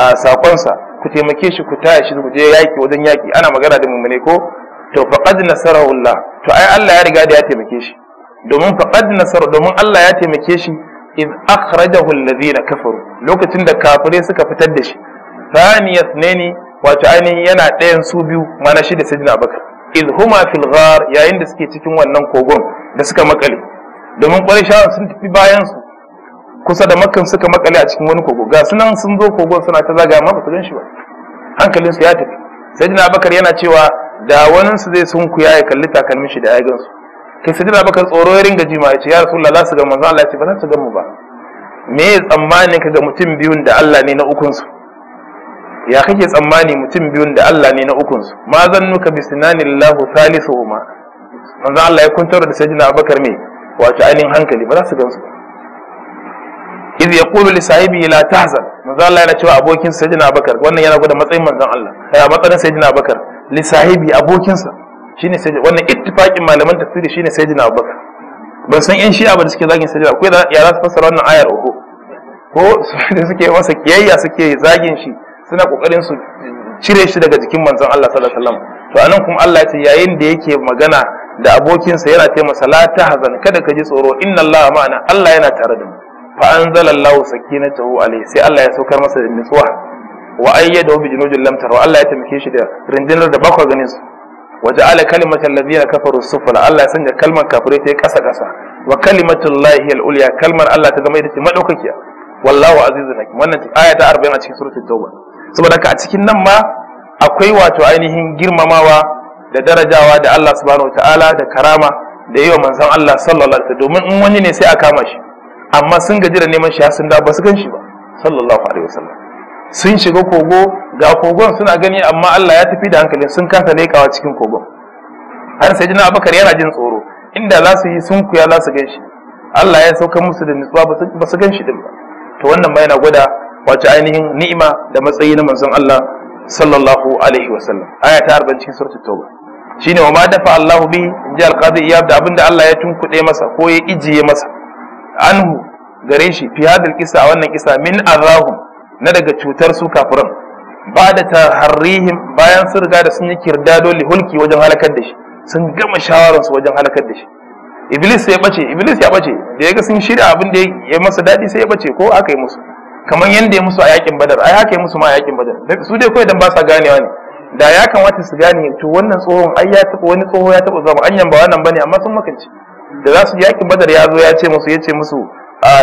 a sakonsa ku taimake shi ku taya shi ku je yaki wajen yaki ana magana da mummune ko to faqad nasarahu Allah to ai Allah ya riga da ya taimake shi domin faqad nasaru domin Allah ya taimake shi iz akhrajahu alladhina kafaru lokacin da kafirai suka fitar da shi thaniya thnaini wato ainihin yana ɗayan su biyu mana shi da sidina bakar iz huma fil ghar yayin da suke cikin wannan kogon da suka makale domin qurayshawa sun tafi bayan su kusa da makan suka makale a cikin wani kogo ga sunan sun zo kogon suna ta zaga amma ba su ganshi shi ba hankalinsu ya tafi sayyidina abakar yana cewa da waninsu zai ku ya kalli takalmin shi da ya gansu kai sayyidina abakar tsoro ya ringa jima ya ce ya rasulullah za su ga manzo Allah ya ce ba za su ga mu ba me ya tsammani ka ga mutum biyun da Allah ne na ukun su ya kake tsammani mutum biyun da Allah ne na ukun su ma zannuka bi sinanillahu thalithuhuma manzo Allah ya kuntar da sayyidina abakar me wato ainihin hankali ba za su gansu ba iz kulu li sahibi la tahzan manzo Allah yana cewa abokin sayyidina Abubakar wannan yana gwada matsayin manzon Allah a matsayin sayyidina Abubakar li sahibi abokinsa shine sayyidina wannan ittifaqin malaman tafsiri shine sayyidina Abubakar ban san yan shi'a ba da suke zagin sayyidina akwai ya za su fassara wannan ayar uku ko su da suke masa kiyayya suke zagin shi suna kokarin su cire shi daga jikin manzon Allah sallallahu alaihi wasallam to anan kuma Allah ya ce yayin da yake magana da abokinsa yana ce masa la tahzan kada ka ji tsoro inna Allah ma'ana Allah yana tare da mu fa anzalallahu sakinatahu alayhi sai Allah ya saukar masa da nutsuwa wa ayyadahu bi junudin lam taraw Allah ya taimake shi da rindinar da bakwa ganin su wa ja'ala kalimatal ladina kafaru sufla Allah ya sanya kalmar kafirai ta kasa kasa wa lahi al-ulya kalmar Allah ta zama ita ce madaukakiya wallahu azizun hakim wannan aya ta 40 a cikin suratul tauba saboda ka a cikin nan ma akwai wato ainihin girmamawa da darajawa da Allah subhanahu ta'ala da karama da yi wa manzon Allah sallallahu alaihi wasallam domin in wani ne sai a kama shi amma sun gaji da neman shi sun da ba su gan shi ba sallallahu alaihi wasallam sun shiga kogo ga kogon suna gani amma Allah ya tafi da hankalin sun kasa leƙawa cikin kogon har sai jina abakar yana jin tsoro inda za su yi sun kuya za su gan shi Allah ya sauka musu da nutsuwa ba su gan shi din ba to wannan ma yana gwada wace ainihin ni'ima da matsayi na manzon Allah sallallahu alaihi wasallam aya ta 40 cikin suratul tauba shine wa ma dafa Allahu bi inji qadi iyab da abinda Allah ya tunkuɗe masa ko ya ijiye masa anhu gare shi fi hadal kisa a wannan kisa min azahum na daga cutar su kafiran ba da taharrihim bayan sun riga da sun yi kirdado li hulki wajen halakar da shi sun gama shawaran su wajen halakar da shi iblis ya bace iblis ya bace da yaga sun shirya abin da ya masa dadi sai ya bace ko aka yi musu kamar yanda ya musu a yakin badar ai haka yi musu ma a yakin badar su dai kawai dan ba sa ganewa ne da ya kamata su gane to wannan tsohon ai ya taba wani tsoho ya taba zama anyan ba wannan bane amma sun makance da za su yakin badar ya zo ya ce musu ya ce musu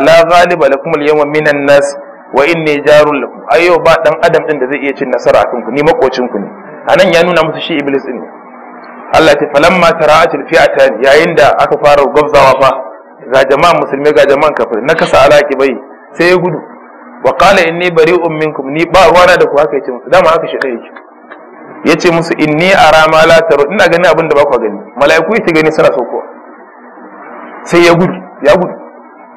la ghaliba lakum al-yawma minan nas wa inni jarul lakum ayo ba dan adam din da zai iya cin nasara a kanku ni makocin ku ne anan ya nuna musu shi iblis din ne Allah ta falamma tara'at al-fi'atan yayin da aka fara gwabzawa fa ga jama'an musulmi ga jama'an kafir na kasa alaki bai sai ya gudu wa qala inni bari'un minkum ni ba ruwana da ku haka yace musu dama haka shi dai yake yace musu inni ara ma la taru ina ganin abin da ba ku gani mala'iku su gani suna saukowa sai ya gudu ya gudu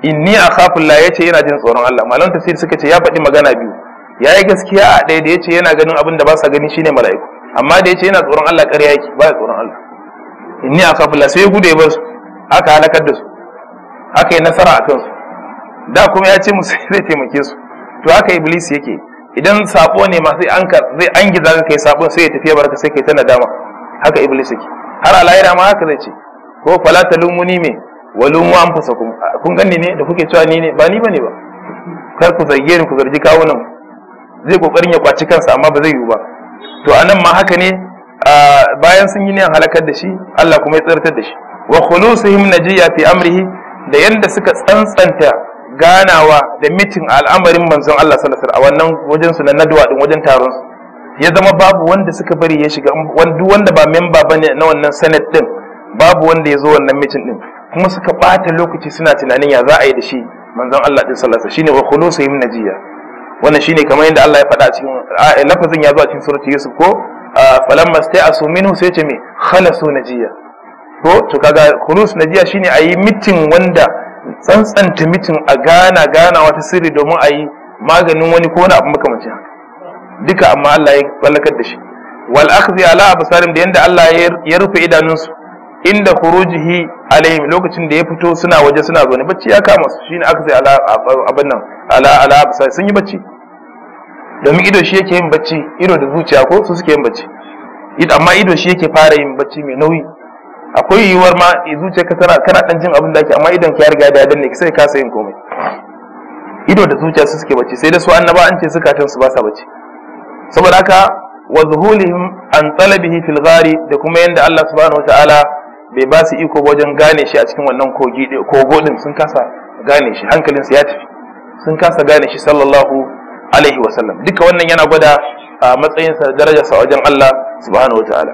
inni kafin la yace yana jin tsoron Allah ta tafsir suka ce ya faɗi magana biyu ya yi gaskiya a ɗaya da yace yana ganin abin da ba sa gani shine mala'iku amma da yace yana tsoron Allah ƙarya yake ba tsoron Allah inni kafin la sai ya gudu ya bar su aka halakar da su aka yi nasara a kansu da kuma ya ce musu zai taimake su to haka iblis yake idan sabo ne ma sai an ka zai an giza ka kai sabon sai ya tafi barka sai kai ta nadama haka iblis yake har a lahira ma haka zai ce ko fala me walum an anfusakum kun ganni ne da kuke cewa ni ne ba ni bane ba kar ku zarge ni ku zargi kawunan zai kokarin ya kwaci kansa amma ba zai yiwu ba to anan ma haka ne bayan sun yi ne halakar da shi Allah kuma ya tsartar da shi wa khulusuhum najiya fi amrihi da yanda suka tsantsanta ganawa da mitin al'amarin manzon Allah sallallahu alaihi wasallam a wannan wajen su na nadwa din wajen taron su ya zama babu wanda suka bari ya shiga duk wanda ba memba bane na wannan sanad din babu wanda ya zo wannan mitin din kuma suka ɓata lokaci suna tunanin ya za a yi da shi manzon Allah din sallallahu shine wa khulusu min najiya wannan shine kamar yadda Allah ya faɗa cikin lafazin ya zo a cikin surati Yusuf ko falamma asu minhu sai ce me khalasu najiya ko to kaga khulus najiya shine a yi mitin wanda tsantsanta mitin a gana gana wata sirri domin a yi maganin wani ko wani abu makamancin haka duka amma Allah ya tsallakar da shi wal akhdhi ala absarim da yanda Allah ya rufe idanunsu inda khurujihi alaihim lokacin da ya fito suna waje suna zaune bacci ya kama su shine aka sai ala abin nan ala ala sun yi bacci domin ido shi yake yin bacci ido da zuciya ko su suke yin bacci amma ido shi yake fara yin bacci mai nauyi akwai yiwuwar ma zuciya ka tana kana dan jin abin da ake amma idan ka riga da ya danne sai ka yin komai ido da zuciya su suke bacci sai da su annaba an ce sukatan su ba sa bacci saboda haka wa zuhulihim an talabihi fil ghari da kuma yanda Allah subhanahu wataala bai ba su iko wajen gane shi a cikin wannan kogi kogo din sun kasa gane shi hankalinsu ya tafi sun kasa gane shi sallallahu alaihi wasallam duka wannan yana gwada a matsayinsa darajarsa wajen Allah subhanahu wataala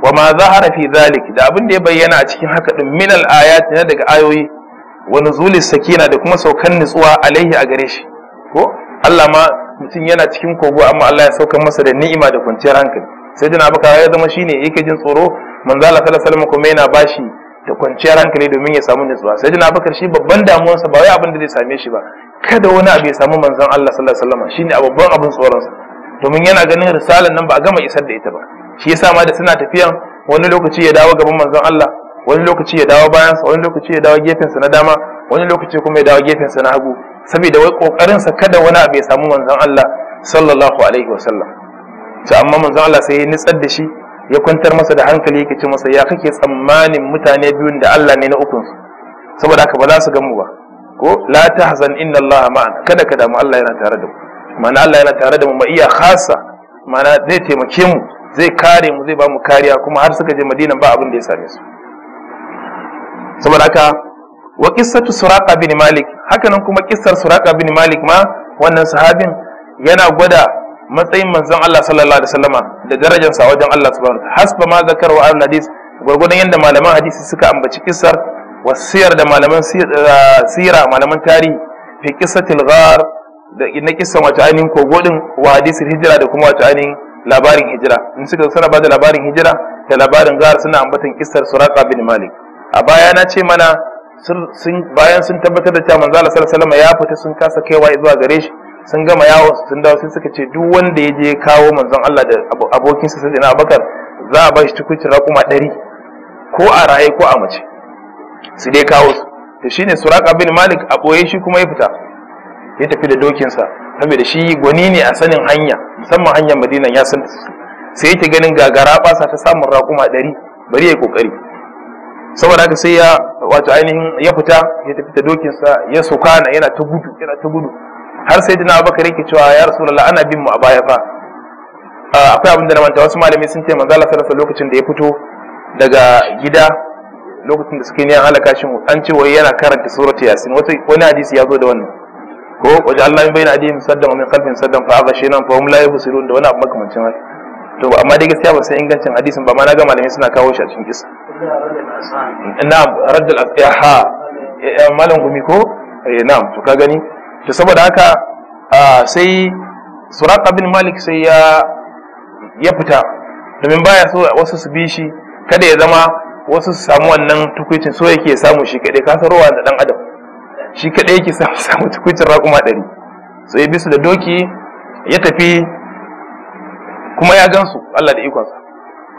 wa ma zahara fi zalik da abin da ya bayyana a cikin haka din min al ayat na daga ayoyi wa nuzulis sakina da kuma saukan nutsuwa alaihi a gare shi ko Allah ma mutum yana cikin kogo amma Allah ya sauka masa da ni'ima da kwanciyar hankali sai dana baka ya zama shine yake jin tsoro manzo Allah sallallahu alaihi wasallam kuma yana bashi da kwanciyar hankali domin ya samu nutsuwa sai dana bakar shi babban damuwarsa ba wai abin da zai same shi ba kada wani abu ya samu manzon Allah sallallahu alaihi wasallam shine babban abin tsoronsa domin yana ganin risalan nan ba a gama isar da ita ba shi yasa ma da suna tafiyan wani lokaci ya dawo gaban manzon Allah wani lokaci ya dawo bayansa wani lokaci ya dawo gefensa na dama wani lokaci kuma ya dawo gefensa na hagu saboda wai kokarinsa kada wani abu ya samu manzon Allah sallallahu alaihi wasallam to amma manzon Allah sai ya nitsar da shi ya kwantar masa da hankali yake ce masa ya kake tsammanin mutane biyun da Allah ne na ukun su saboda haka ba za su gamu ba ko la tahzan inna Allah ma'ana kada ka damu Allah yana tare da mu ma'ana Allah yana tare da mu ma iya khasa ma'ana zai taimake mu zai kare mu zai ba mu kariya kuma har suka je Madina ba abin da ya same su saboda haka wa qissatu suraqa bin malik hakanan kuma kissar suraqa bin malik ma wannan sahabin yana gwada matsayin manzon Allah sallallahu alaihi wasallama da sa wajen Allah subhanahu wataala hasba ma zakar wa hadis gurgurdan yadda malaman hadisi suka ambaci kissar wasiyar da malaman uh, sira malaman tarihi fi qissatil ghar da inna kissan wato ainihin kogo din wa hadisin hijira da kuma wato ainihin labarin hijira in suka ba bada labarin hijira da labarin ghar suna ambatan kissar suraqa bin malik a baya na ce mana sun bayan sun tabbatar da cewa manzo Allah sallallahu alaihi wasallama ya fita sun kasa kaiwa zuwa gare shi sun gama yawo sun dawo sai suka ce duk wanda ya je kawo manzon Allah da abokinsa sai na Abubakar za a ba shi tukucin raƙuma ɗari ko a raye ko a mace su dai kawo su to shine Suraka bin Malik a boye shi kuma ya fita ya tafi da dokinsa saboda shi gwani ne a sanin hanya musamman hanyar Madina ya san sai yake ganin gagara basa ta samun raƙuma ɗari bari ya kokari saboda haka sai ya wato ainihin ya fita ya tafi da dokinsa ya sokana yana ta gudu yana ta gudu har sai dina abubakar yake cewa ya rasu rasulullah ana bin mu a baya fa akwai abin da na manta wasu malami sun ce maza Allah sallallahu lokacin da ya fito daga gida lokacin da suke niyan halaka shi an ce wai yana karanta surat yasin wani hadisi ya zo da wannan ko waje Allah min bayna adihim saddan wa min kalfin saddan fa aghashayna fa hum la yubsirun da wani abu makamancin haka to amma dai gaskiya ba sai ingancin hadisin ba ma na ga malami suna kawo shi a cikin kisa Na na'am asiya ha eh, eh, malam gumi ko eh, na'am to ka gani to saboda haka sai surat abin malik sai ya fita domin baya so wasu su bi shi kada ya zama wasu su samu wannan tukwicin so yake samu shi kaɗai ka sarowa da ɗan adam shi kaɗai yake samu samu tukuicin raƙuma ɗari so ya bi da doki ya tafi kuma ya gansu Allah da ikonsa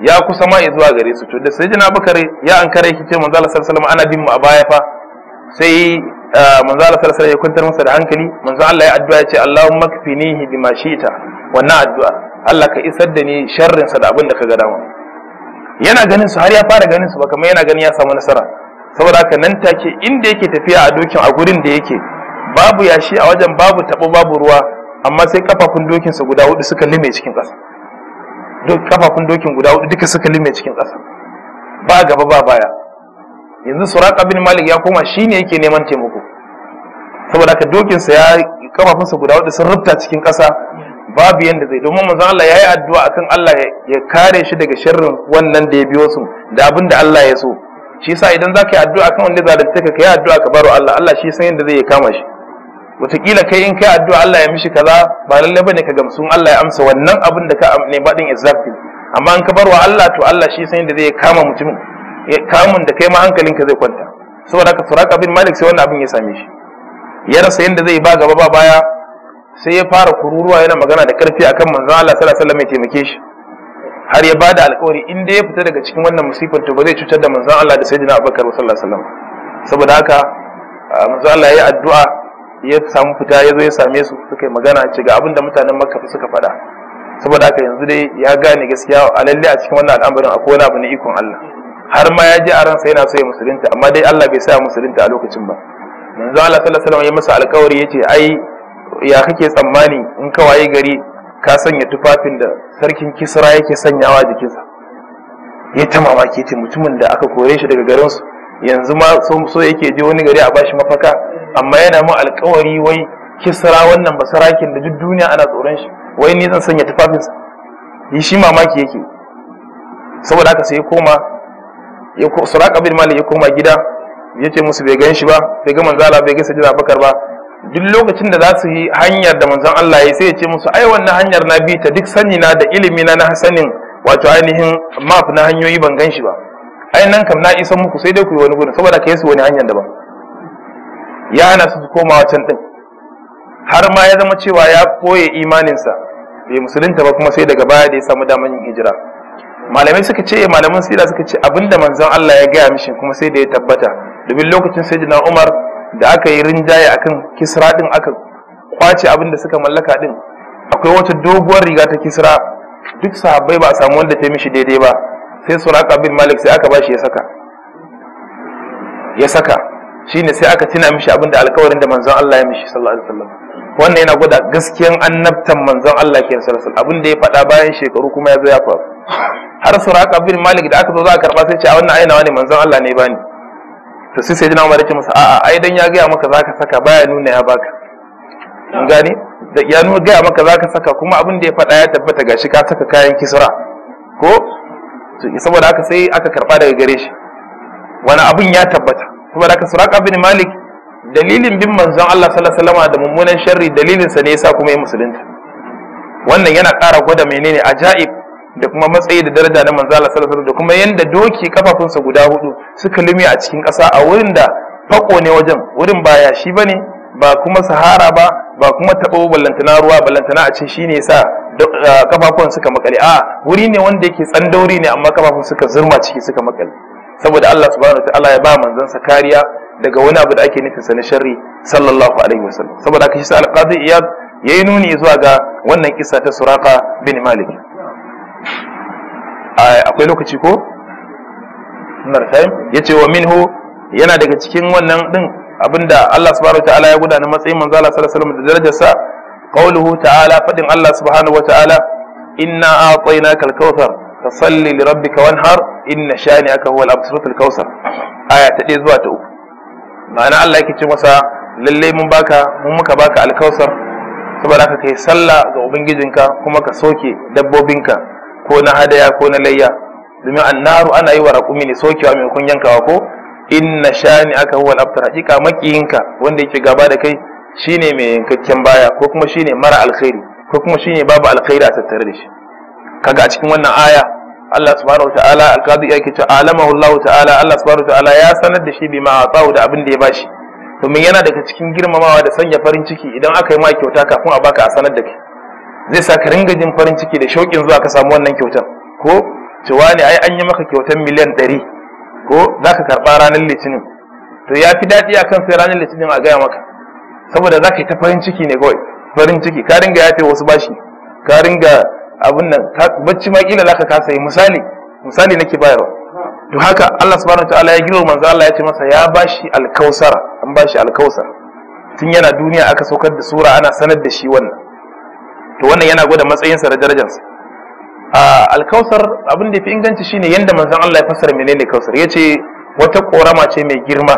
ya kusa ma zuwa gare su to da sai jina bakare ya ankare yake ce manzo Allah sallallahu alaihi wasallam ana bin mu a baya fa sai Ah, manzo Allah sallallahu alaihi ya kwantar masa da hankali manzo Allah ya addu'a ya ce Allahumma kfinihi bima shi'ta wannan addu'a Allah ka isar da ni sharrin sa da abin da ka ga dama yana ganin su har ya fara ganin su ba kamar yana ganin ya samu nasara saboda haka nan take inda yake tafiya a dokin a gurin da yake babu yashi a wajen babu tabo babu ruwa amma sai kafafun dokin sa guda hudu suka lime cikin kasa duk kafafun dokin guda hudu duka suka lime cikin ƙasa ba gaba ba baya yanzu suraka bin malik ya koma shine yake neman taimako saboda dokin sa ya kafafunsa guda wadda sun rubta cikin ƙasa babu yanda zai domin manzon Allah ya yi addu'a akan Allah ya kare shi daga sharrin wannan da ya biyo su da abin da Allah ya so shi yasa idan zaka yi addu'a akan wanda zalunta ka kai addu'a ka baro Allah Allah shi san yanda zai ya kama shi wataƙila kai in kai addu'a Allah ya mishi kaza ba lalle bane ka gamsu Allah ya amsa wannan abin da ka ne ba din exactly amma in ka barwa Allah to Allah shi san yanda zai ya kama mutumin kamun da kai ma hankalinka zai kwanta saboda haka suraka bin malik sai wannan abin ya same shi ya rasa yadda zai ba gaba ba baya sai ya fara kururuwa yana magana da karfi akan manzon Allah sallallahu alaihi wasallam ya taimake shi har ya bada alƙawari in dai ya fita daga cikin wannan musifar to ba zai cutar da manzon Allah da sayyidina Abubakar sallallahu alaihi wasallam saboda haka manzon Allah ya yi addu'a ya samu fita ya zo ya same su suka yi magana ce ga abin da mutanen Makka suka faɗa saboda haka yanzu dai ya gane gaskiya a lalle a cikin wannan al'amarin akwai wani abu na ikon Allah har ma ya ji a ransa yana so ya musulunta amma dai Allah bai sa musulunta a lokacin ba manzo Allah sallallahu alaihi wasallam ya masa alƙawari yace ai ya kake tsammani in ka waye gari ka sanya tufafin da sarkin Kisra yake sanyawa jikinsa ya ta mamaki ce mutumin da aka kore shi daga garinsu yanzu ma so yake je wani gari a bashi mafaka amma yana mu alƙawari wai Kisra wannan basarakin da duk duniya ana tsoron shi wai ni zan sanya tufafinsa shi mamaki yake saboda haka sai ya koma suraka bin malik ya koma gida ya ce musu bai gan shi ba bai ga manzala bai ga sajida bakar ba duk lokacin da za su yi hanyar da manzon Allah ya sai ya ce musu ai wannan hanyar na bi ta duk sani na da ilimi na na sanin wato ainihin map na hanyoyi ban gan shi ba ai nan kam na isan muku sai dai ku yi wani gudu saboda kai su wani hanyar daban ya ana su komawa can din har ma ya zama cewa ya koye imaninsa bai musulunta ba kuma sai daga baya da ya samu damar yin hijira malamai suka ce malaman sira suka ce abinda manzon Allah ya gaya mishi kuma sai da ya tabbata domin lokacin sayyidina Umar da aka yi rinjaye akan Kisra din aka kwace abinda suka mallaka din akwai wata doguwar riga ta Kisra duk sahabbai ba a samu wanda ta mishi daidai ba sai Suraka bin Malik sai aka bashi ya saka ya saka shine sai aka tuna mishi abinda alkawarin da manzon Allah ya mishi sallallahu alaihi wasallam wannan yana gwada gaskiyan annabtan manzon Allah ke sallallahu alaihi wasallam abinda ya faɗa bayan shekaru kuma ya zo ya faru har suraka bin malik da aka zo za a karba sai ce a wannan aina wani manzon Allah ne bani to sai sayyidina umar ya ce masa a'a ai dan ya gaya maka zaka saka baya nuna ya baka mun gane da ya nuna gaya maka zaka saka kuma abin da ya faɗa ya tabbata gashi ka saka kayan kisra ko saboda haka sai aka karba daga gare shi wani abin ya tabbata saboda haka suraka bin malik dalilin bin manzon Allah sallallahu alaihi wasallam da mummunan sharri dalilin sa ne yasa kuma ya musulunta wannan yana ƙara gwada menene ajaib da kuma matsayi da daraja na manzala sallallahu da kuma yanda doki kafafunsa guda hudu suka lumi a cikin ƙasa a wurin da fako ne wajen wurin ba yashi bane ba kuma sahara ba ba kuma taɓo ballantana ruwa ballantana a ce ne sa kafafun suka makale a wuri ne wanda yake tsandauri ne amma kafafun suka zurma ciki suka makale saboda Allah subhanahu wataala ya ba manzon sa kariya daga wani abu da ake nufin sa na sharri sallallahu alaihi wasallam saboda haka shi sa alqadi iyad yayi nuni zuwa ga wannan kisa ta suraka bin malik akwai lokaci ko nar time yace wa minhu yana daga cikin wannan din abinda Allah subhanahu wataala ya gudana matsayin manzo Allah sallallahu alaihi wasallam da darajarsa qauluhu ta'ala fadin Allah subhanahu wataala inna a'tainaka al kawthar fasalli li rabbika wanhar inna shani'aka huwal absaratul kautsar aya ta 1 zuwa ta 3 ma'ana Allah yake ce masa lalle mun baka mun muka baka al-kautsar saboda haka kai sallah ga ubangijinka kuma ka soke dabbobinka ko na hadaya ko na layya domin annaru ana yi wa raƙumi ne sokewa maimakon yankawa ko inna shani aka huwa abtar hakika makiyinka wanda yake gaba da kai shine mai yankakken baya ko kuma shine mara alkhairi ko kuma shine babu alkhairi a tattare da shi kaga a cikin wannan aya Allah subhanahu wa ta'ala al-qadi yake ta alamahu Allah ta'ala Allah subhanahu wa ta'ala ya sanar da shi ma atahu da abin da ya bashi domin yana daga cikin girmamawa da sanya farin ciki idan aka yi ma kyauta kafin a baka a sanar da kai zai sa ka ringa jin farin ciki da shauƙin zuwa ka samu wannan kyautar ko cewa ne ai an yi maka kyautar miliyan ɗari ko za ka karɓa ranar litinin to ya fi daɗi a kan sai ranar litinin a gaya maka saboda za ka yi ta farin ciki ne kawai farin ciki ka ringa yafe wasu bashi ka ringa abin nan bacci ma kila za ka kasa yi misali misali nake bayarwa to haka Allah subhanahu wataala ya giro manzo Allah ya ce masa ya bashi alkausara an bashi alkausar tun yana duniya aka saukar da sura ana sanar da shi wannan to wannan yana gwada matsayinsa da darajarsa alkausar abin da fi inganci shine yanda manzon Allah ya fassara menene kausar yace wata korama ce mai girma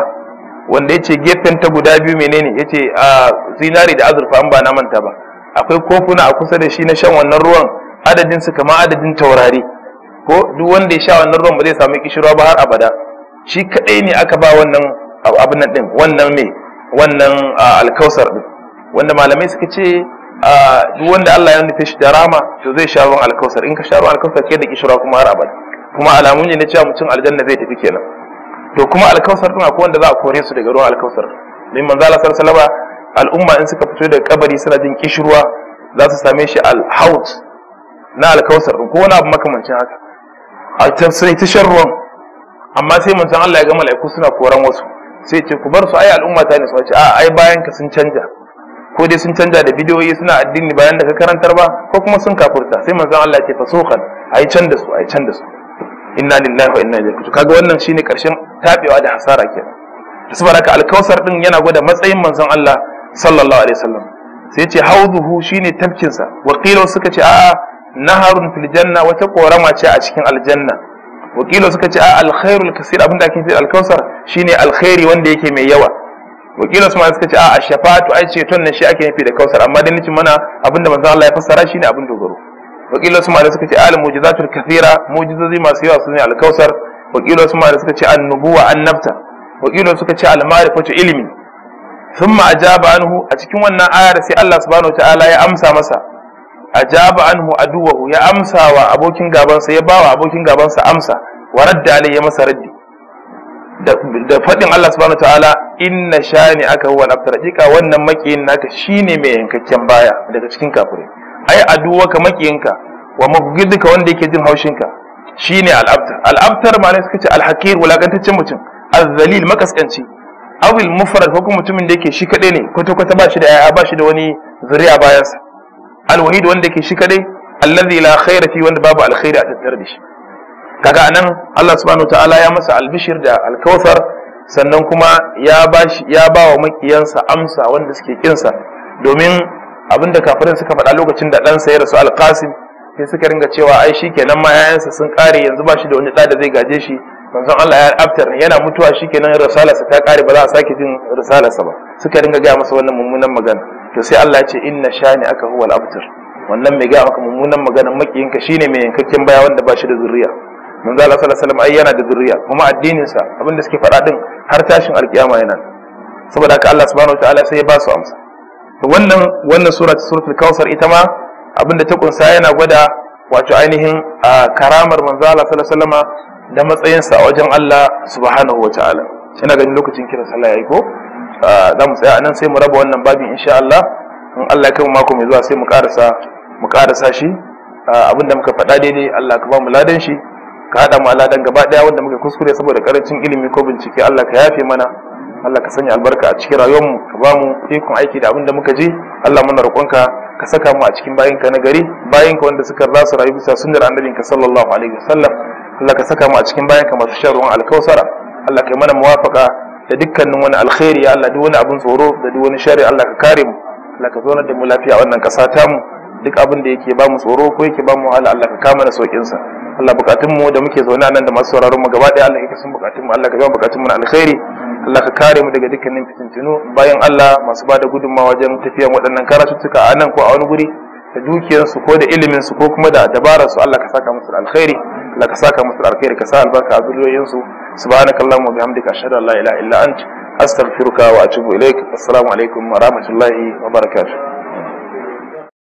wanda yace gefen ta guda biyu menene yace a zinari da azurfa an ba na manta ba akwai kofuna a kusa da shi na shan wannan ruwan adadin su kamar adadin taurari ko duk wanda ya sha wannan ruwan ba zai samu kishirwa ba har abada shi kadai ne aka ba wannan abin nan din wannan me wannan alkausar din wanda malamai suka ce duk wanda Allah ya nufi shi da rama to zai sha ruwan alkausar in ka sha ruwan alkausar ke da kishira kuma har abada kuma alamun ne na cewa mutum aljanna zai tafi kenan to kuma alkausar din akwai wanda za a kore su daga ruwan alkausar min manzo Allah sallallahu alaihi al'umma in suka fito daga kabari suna jin kishirwa za su same shi al al-haut na alkausar ko wani abu makamancin haka a tafsirai ta shan ruwan amma sai manzon Allah ya ga mala'iku suna koran wasu sai ce ku bar su ai al'umma ta ne su ce a ai bayan ka sun canja ko dai sun canza da bidiyoyi suna addini bayan da ka karantar ba ko kuma sun kafurta sai manzon Allah ke ce a yi can su A can da su inna lillahi wa inna ilaihi kaga wannan shine karshen tabewa da hasara ke. da saboda haka alkausar din yana gwada matsayin manzon Allah sallallahu alaihi wasallam sai ce hauduhu shine tafkin sa wakilau suka ce a'a naharun fil janna wata korama ce a cikin aljanna wakilau suka ce a'a alkhairul kaseer abinda ake fi alkausar shine alkhairi wanda yake mai yawa wakilan su ma suka ce a shafatu ai ceton nan shi ake nufi da kausar amma dai nace mana abinda manzo Allah ya fassara shi ne abin dogaro wakilan su ma da suka ce al mujizatul kathira mujizozi masu yawa ne al kausar wakilan su ma da suka ce an nubuwa an nafta wakilan suka ce al ma'rifatu ilmi thumma ajaba anhu a cikin wannan ayar sai Allah subhanahu wataala ya amsa masa ajaba anhu aduwahu ya amsa wa abokin gabansa ya bawa abokin gabansa amsa wa radda alayhi masa raddi da faɗin Allah subhanahu ta'ala inna shani aka huwa al-abtar wannan makiyin naka shine mai yankakken baya daga cikin kafirai ai aduwa ka makiyinka wa mabghidika wanda yake jin haushinka shine al-abtar al-abtar suka ce al wulakantaccen mutum al-zalil makaskanci awil mufrad ko kuma mutumin da yake shi kaɗai ne kwata kwata ba shi da yaya ba shi da wani zuri'a bayansa al-wahid wanda yake shi kaɗai, allazi la khayra fi wanda babu alkhairi a tattare da shi kaga anan Allah subhanahu ta'ala ya masa albishir da alkawthar sannan kuma ya bashi ya ba wa makiyansa amsa wanda suke kinsa domin abinda kafirin suka faɗa lokacin da ɗansa ya rasu alkasim sai suka ringa cewa ai shikenan ma yayansa sun kare yanzu ba shi da wani ɗa da zai gaje shi manzon Allah ya aftar yana mutuwa shikenan risalarsa ta kare ba za a sake jin risalarsa ba suka ringa gaya masa wannan mummunan magana to sai Allah ya ce inna shani aka huwal abtar wannan mai gaya maka mummunan magana makiyinka shine mai yankakken baya wanda ba shi da zuriya manzo Allah sallallahu alaihi wasallam ai yana da zuriya kuma addinin sa abinda suke faɗa din har tashin alkiyama yana saboda haka Allah subhanahu wataala sai ya ba su amsa to wannan wannan sura suratul kausar ita ma abinda ta kunsa yana gwada wato ainihin karamar manzo Allah sallallahu alaihi wasallama da matsayinsa sa wajen Allah subhanahu wataala ina ganin lokacin kira sallah yayi ko za mu tsaya anan sai mu raba wannan babin insha Allah in Allah ya kai mako mai zuwa sai mu karasa mu karasa shi abinda muka faɗa daidai Allah ka ba mu ladan shi ka hada mu aladan gaba daya wanda muke kuskure saboda karancin ilimi ko bincike Allah ka yafe mana Allah ka sanya albarka a cikin rayuwar mu ka ba mu ikon aiki da abin da muka ji Allah muna roƙonka ka saka mu a cikin ka na gari ka wanda suka rasu rayu bisa sunnar annabinka sallallahu alaihi wasallam Allah ka saka mu a cikin ka masu shan ruwan alkausara Allah ka yi mana muwafaka da dukkanin wani alkhairi ya Allah duk wani abin tsoro da duk wani shari'a Allah ka kare mu Allah ka zauna da mu lafiya a wannan ƙasa mu duk abin da yake ba mu tsoro ko yake ba mu wahala Allah ka kama da sauƙinsa Allah bukatun mu da muke zaune nan da masu sauraron mu gaba daya Allah ya kasan bukatunmu. Allah ka biya bukatun na alkhairi Allah ka kare mu daga dukkanin fitintunu bayan Allah masu bada gudunmawa wajen tafiyan waɗannan karatuttuka a nan ko a wani guri da dukiyarsu ko da iliminsu ko kuma da dabararsu Allah ka saka musu alkhairi Allah ka saka musu alkhairi ka sa albarka a zuriyoyinsu subhanakallahumma wa bihamdika ashhadu an la ilaha illa anta astaghfiruka wa atubu ilaik assalamu alaikum wa rahmatullahi wa barakatuh